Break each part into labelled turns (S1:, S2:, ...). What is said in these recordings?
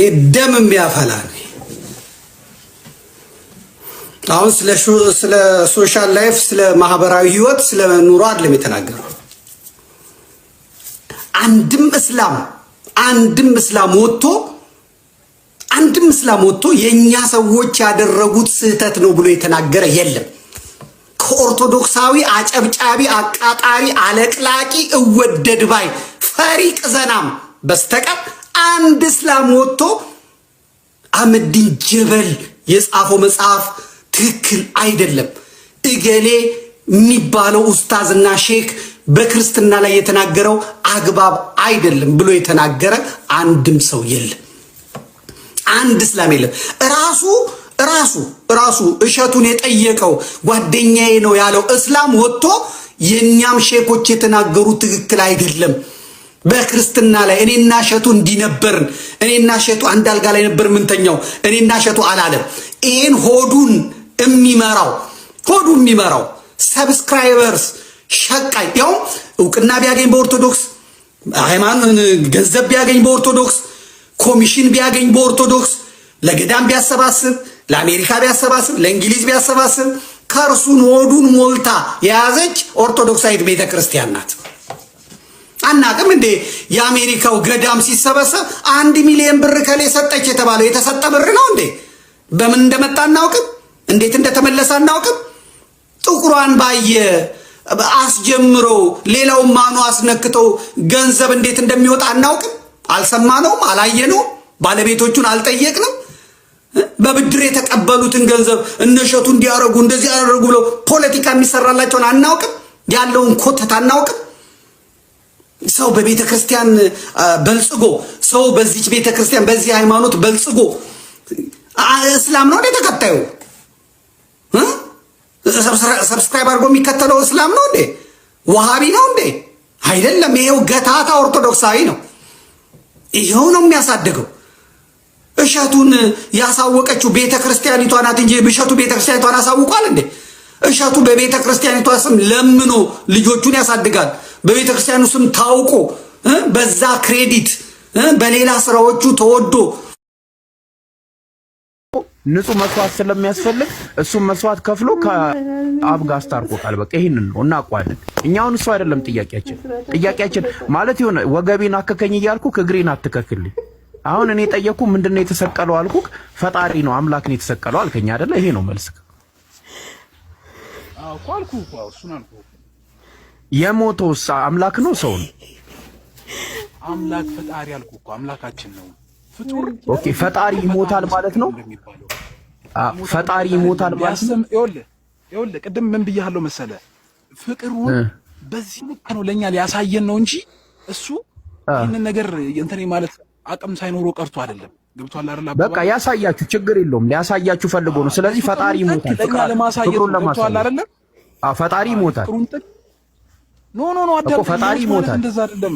S1: የደም የሚያፈላ አሁን ስለ ሶሻል ላይፍ ስለ ማህበራዊ ህይወት ስለ ኑሮ አይደለም የተናገረው። አንድም እስላም አንድም እስላም ወጥቶ አንድም እስላም ወጥቶ የእኛ ሰዎች ያደረጉት ስህተት ነው ብሎ የተናገረ የለም። ከኦርቶዶክሳዊ አጨብጫቢ፣ አቃጣሪ፣ አለቅላቂ፣ እወደድ ባይ ፈሪቅ ዘናም በስተቀር አንድ እስላም ወጥቶ አህመዲን ጀበል የጻፈው መጽሐፍ ትክክል አይደለም፣ እገሌ የሚባለው ኡስታዝና ሼክ በክርስትና ላይ የተናገረው አግባብ አይደለም ብሎ የተናገረ አንድም ሰው የለም። አንድ እስላም የለም። ራሱ ራሱ ራሱ እሸቱን የጠየቀው ጓደኛዬ ነው ያለው እስላም ወጥቶ የእኛም ሼኮች የተናገሩ ትክክል አይደለም በክርስትና ላይ እኔና እሸቱ እንዲነበርን እኔና እሸቱ አንድ አልጋ ላይ ነበር ምንተኛው እኔና እሸቱ አላለም። ይሄን ሆዱን የሚመራው ሆዱ የሚመራው ሰብስክራይበርስ ሸቃይ ያው እውቅና ቢያገኝ በኦርቶዶክስ ሃይማኖት ገንዘብ ቢያገኝ በኦርቶዶክስ ኮሚሽን ቢያገኝ በኦርቶዶክስ ለገዳም ቢያሰባስብ ለአሜሪካ ቢያሰባስብ ለእንግሊዝ ቢያሰባስብ ከእርሱን ሆዱን ሞልታ የያዘች ኦርቶዶክሳዊት ቤተክርስቲያን ናት። አናቅም እንዴ? የአሜሪካው ገዳም ሲሰበሰብ አንድ ሚሊዮን ብር ከሌ ሰጠች የተባለው የተሰጠ ብር ነው እንዴ? በምን እንደመጣ አናውቅም። እንዴት እንደተመለሰ አናውቅም። ጥቁሯን ባየ አስጀምሮ ሌላውን ማኑ አስነክቶ ገንዘብ እንዴት እንደሚወጣ አናውቅም። አልሰማነውም፣ አላየነውም፣ ባለቤቶቹን አልጠየቅንም። በብድር የተቀበሉትን ገንዘብ እነሸቱ እንዲያረጉ እንደዚህ ያደረጉ ብለው ፖለቲካ የሚሰራላቸውን አናውቅም። ያለውን ኮተት አናውቅም። ሰው በቤተ ክርስቲያን በልጽጎ ሰው በዚች ቤተ ክርስቲያን በዚህ ሃይማኖት በልጽጎ እስላም ነው እንደ ተከታዩ ሰብስክራይብ አድርጎ የሚከተለው እስላም ነው እንዴ? ወሃቢ ነው እንዴ? አይደለም። ይሄው ገታታ ኦርቶዶክሳዊ ነው። ይሄው ነው የሚያሳድገው። እሸቱን ያሳወቀችው ቤተ ክርስቲያኒቷ ናት እንጂ እሸቱ ቤተ ክርስቲያኒቷን አሳውቋል እንዴ? እሸቱ በቤተ ክርስቲያኒቷ ስም ለምኖ ልጆቹን ያሳድጋል። በቤተ ክርስቲያኑ ስም ታውቆ በዛ ክሬዲት በሌላ ስራዎቹ ተወዶ ንጹህ መስዋዕት ስለሚያስፈልግ እሱም መስዋዕት ከፍሎ ከአብ ጋር አስታርቆታል። በቃ ይህንን ነው እናውቀዋለን። እኛውን እሱ አይደለም ጥያቄያችን። ጥያቄያችን ማለት የሆነ ወገቤን አከከኝ እያልኩ እግሬን አትከክልኝ። አሁን እኔ ጠየቅኩ፣ ምንድን ነው የተሰቀለው አልኩ። ፈጣሪ ነው አምላክ ነው የተሰቀለው አልከኝ አይደለ? ይሄ ነው መልስ
S2: እኮ አልኩህ እኮ እሱን አልኩህ
S1: የሞተው አምላክ ነው ሰው ነው?
S2: አምላክ ፈጣሪ አልኩ እኮ አምላካችን ነው።
S1: ፍጡር ኦኬ። ፈጣሪ ይሞታል ማለት ነው። ፈጣሪ ይሞታል ማለት ነው። ይኸውልህ
S2: ይኸውልህ ቅድም ምን ብያለሁ መሰለ ፍቅሩን በዚህ ልክ ነው ለኛ ሊያሳየን ነው እንጂ እሱ ይህንን ነገር እንትን ማለት አቅም ሳይኖረው ቀርቶ አይደለም።
S1: ገብቷል አይደል? በቃ ያሳያችሁ፣ ችግር የለውም ሊያሳያችሁ ፈልጎ ነው። ስለዚህ ፈጣሪ ይሞታል፣ ፍቅሩን ለማሳየት ገብቷል አይደለም? ፈጣሪ ይሞታል ፍቅሩን ጥቅ ኖ ኖ ኖ አዳም ፈጣሪ ሞታል። እንደዛ አይደለም።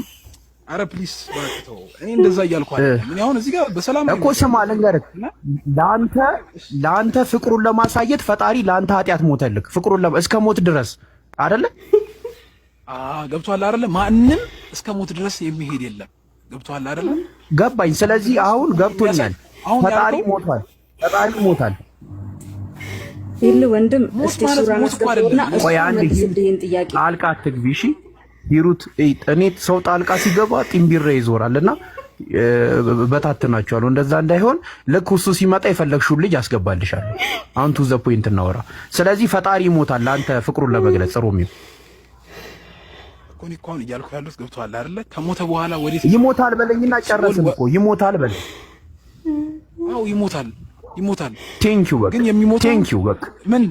S2: አረ ፕሊስ ባክተው። እኔ እንደዛ እያልኩ አይደለም። እኔ አሁን
S1: እዚህ ጋር በሰላም እኮ ስማ፣ ልንገርህ፣ ለአንተ ለአንተ ፍቅሩን ለማሳየት ፈጣሪ ለአንተ ኃጢአት ሞተልክ። ፍቅሩን እስከ ሞት ድረስ አይደለ?
S2: አዎ ገብቶሃል አይደለ? ማንም እስከ ሞት ድረስ የሚሄድ የለም። ገብቷል አይደለ?
S1: ገባኝ። ስለዚህ አሁን ገብቶኛል። ፈጣሪ ሞቷል። ፈጣሪ ሞቷል።
S3: ይል ወንድም እስቲ ሱራን
S1: አስገባውና ይህን ጥያቄ ጣልቃ አትግቢ። እሺ ይሩት እኔ ሰው ጣልቃ ሲገባ ጢምቢሬ ይዞራል እና በታትናቸዋል። እንደዛ እንዳይሆን ልክ እሱ ሲመጣ የፈለግሽውን ልጅ አስገባልሻል። አንቱ ዘ ፖይንት እናወራ። ስለዚህ ፈጣሪ ይሞታል ለአንተ ፍቅሩን ለመግለጽ ጥሩ የሚሆን
S2: ኮኒኮን እያልኩ ያሉት ገብቶሃል አይደለ? ከሞተ በኋላ ወዴት
S1: ይሞታል በለኝና ጨረስን እኮ ይሞታል በለኝ።
S2: አዎ ይሞታል ይሞታል።
S1: ቴንኪው በቃ ግን የሚሞተው ቴንኪው በቃ ምን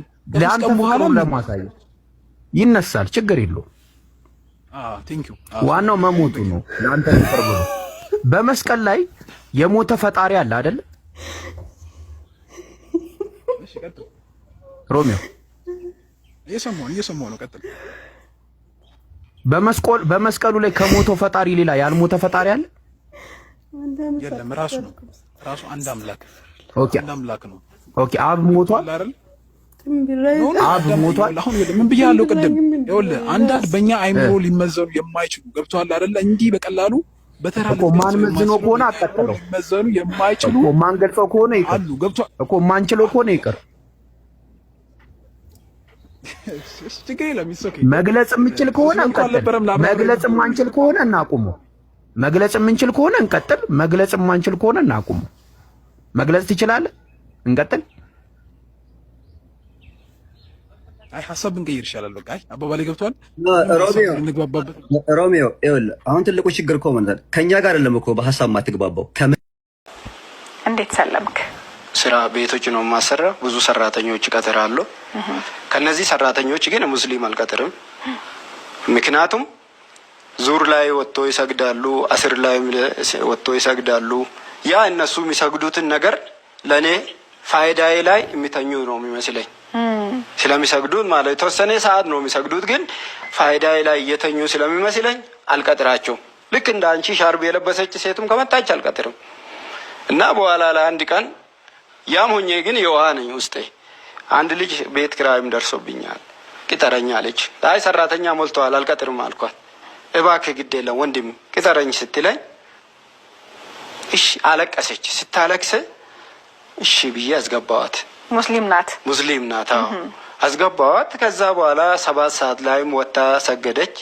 S1: ለአንተ ፍቅሩን ለማሳየት ይነሳል። ችግር ቴንኪው። ዋናው መሞቱ ነው። ለአንተ ፍቅር በመስቀል ላይ የሞተ ፈጣሪ አለ አይደል? ሮሚዮ
S2: እየሰማሁ ነው። ቀጥል።
S1: በመስቀሉ ላይ ከሞተው ፈጣሪ ሌላ ያልሞተ ፈጣሪ አለ?
S2: የለም። ራሱ ነው ራሱ አንድ አምላክ
S1: አምላክ ነው። ኦኬ አብ ሞቷል አብ ሞቷል። አሁን
S2: ምን ብያለሁ ቅድም? ይኸውልህ አንዳንድ በእኛ አይምሮ ሊመዘኑ የማይችሉ ገብቶሃል አይደለ? እንዲህ በቀላሉ
S1: በተራ ማን መዝኖ ከሆነ አጠቀለው የማይችሉ ማን ገልጸው ከሆነ ይቅር አሉ። እኮ ከሆነ ይቅር መግለጽ የምንችል ከሆነ እንቀጥል። መግለጽ የማንችል ከሆነ እናቁሙ። መግለጽ የምንችል ከሆነ እንቀጥል። መግለጽ የማንችል ከሆነ እናቁሙ። መግለጽ ትችላለህ? እንቀጥል።
S2: አይ ሀሳብ ብንቀይር ይሻላል። በቃ አይ አባባሌ ገብቷል።
S1: ሮሚዮ ይኸውልህ፣ አሁን ትልቁ ችግር እኮ መሰለህ ከእኛ ጋር አይደለም እኮ በሀሳብ ማትግባባው።
S3: እንዴት ሰለምክ?
S4: ስራ ቤቶች ነው የማሰራ። ብዙ ሰራተኞች እቀጥራለሁ። ከነዚህ ሰራተኞች ግን ሙስሊም አልቀጥርም። ምክንያቱም ዙር ላይ ወጥቶ ይሰግዳሉ፣ አስር ላይ ወጥቶ ይሰግዳሉ። ያ እነሱ የሚሰግዱትን ነገር ለእኔ ፋይዳዬ ላይ የሚተኙ ነው የሚመስለኝ። ስለሚሰግዱት ማለት የተወሰነ ሰዓት ነው የሚሰግዱት፣ ግን ፋይዳዬ ላይ እየተኙ ስለሚመስለኝ አልቀጥራቸውም። ልክ እንደ አንቺ ሻርብ የለበሰች ሴትም ከመጣች አልቀጥርም እና በኋላ ላይ አንድ ቀን ያም ሁኜ ግን የውሃ ነኝ ውስጤ አንድ ልጅ ቤት ኪራይም ደርሶብኛል ቅጠረኛ አለች። አይ ሰራተኛ ሞልተዋል አልቀጥርም አልኳት። እባክህ ግድ የለም ወንድም ቅጠረኝ ስትለኝ እሺ አለቀሰች። ስታለቅስ እሺ ብዬ አስገባዋት። ሙስሊም ናት፣ ሙስሊም ናት። አዎ አስገባዋት። ከዛ በኋላ ሰባት ሰዓት ላይም ወታ ሰገደች።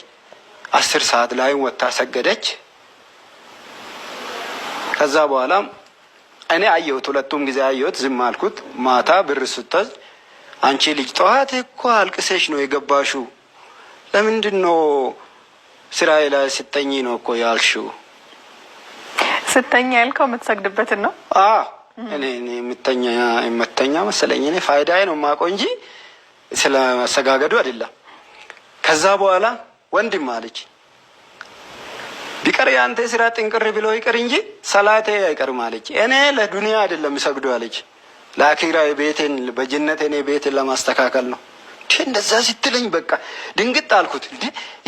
S4: አስር ሰዓት ላይም ወታ ሰገደች። ከዛ በኋላ እኔ አየሁት፣ ሁለቱም ጊዜ አየሁት። ዝም አልኩት። ማታ ብር ስተዝ አንቺ ልጅ ጠዋት እኮ አልቅሰሽ ነው የገባሹ። ለምንድን ነው ስራዬ ላይ ስጠኝ ነው እኮ ያልሹ
S3: ስተኛ ያልከው የምትሰግድበትን ነው?
S4: እኔ የምተኛ የምተኛ መሰለኝ። እኔ ፋይዳዬ ነው የማውቀው እንጂ ስለ መሰጋገዱ አይደለም። ከዛ በኋላ ወንድም አለች ቢቀር የአንተ ስራ ጥንቅር ብሎ ይቅር እንጂ ሰላቴ አይቀርም አለች። እኔ ለዱንያ አይደለም ሰግዶ አለች፣ ለአኪራ ቤቴን በጅነት እኔ ቤቴን ለማስተካከል ነው። እንደዛ ስትለኝ በቃ ድንግጥ አልኩት።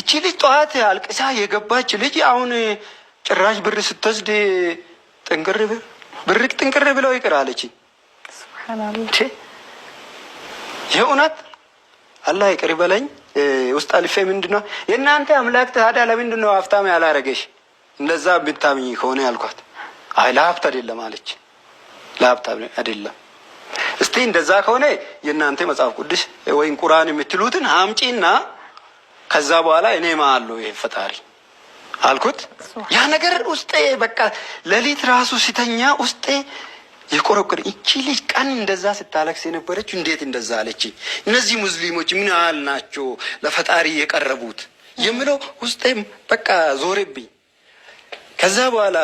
S4: እቺ ልጅ ጠዋት አልቅሳ የገባች ልጅ አሁን ጭራሽ ብር ስትወስድ ጥንቅር ብር ጥንቅር ብለው ይቅር አለች። የእውነት አላህ ይቅር በለኝ ውስጥ አልፌ ምንድነው ነው የእናንተ አምላክ ታዲያ ለምንድን ነው ሀብታም ያላረገሽ? እንደዛ ብታምኝ ከሆነ ያልኳት፣ አይ ለሀብት አይደለም አለች። ለሀብት አይደለም። እስቲ እንደዛ ከሆነ የእናንተ መጽሐፍ ቅዱስ ወይም ቁርአን የምትሉትን አምጪና ከዛ በኋላ እኔ አለው ይህ ፈጣሪ አልኩት። ያ ነገር ውስጤ በቃ ሌሊት ራሱ ሲተኛ ውስጤ የቆረቆረ እቺ ልጅ ቀን እንደዛ ስታለቅስ የነበረች እንዴት እንደዛ አለች? እነዚህ ሙስሊሞች ምን ያህል ናቸው ለፈጣሪ የቀረቡት የምለው ውስጤም በቃ ዞርብኝ። ከዛ በኋላ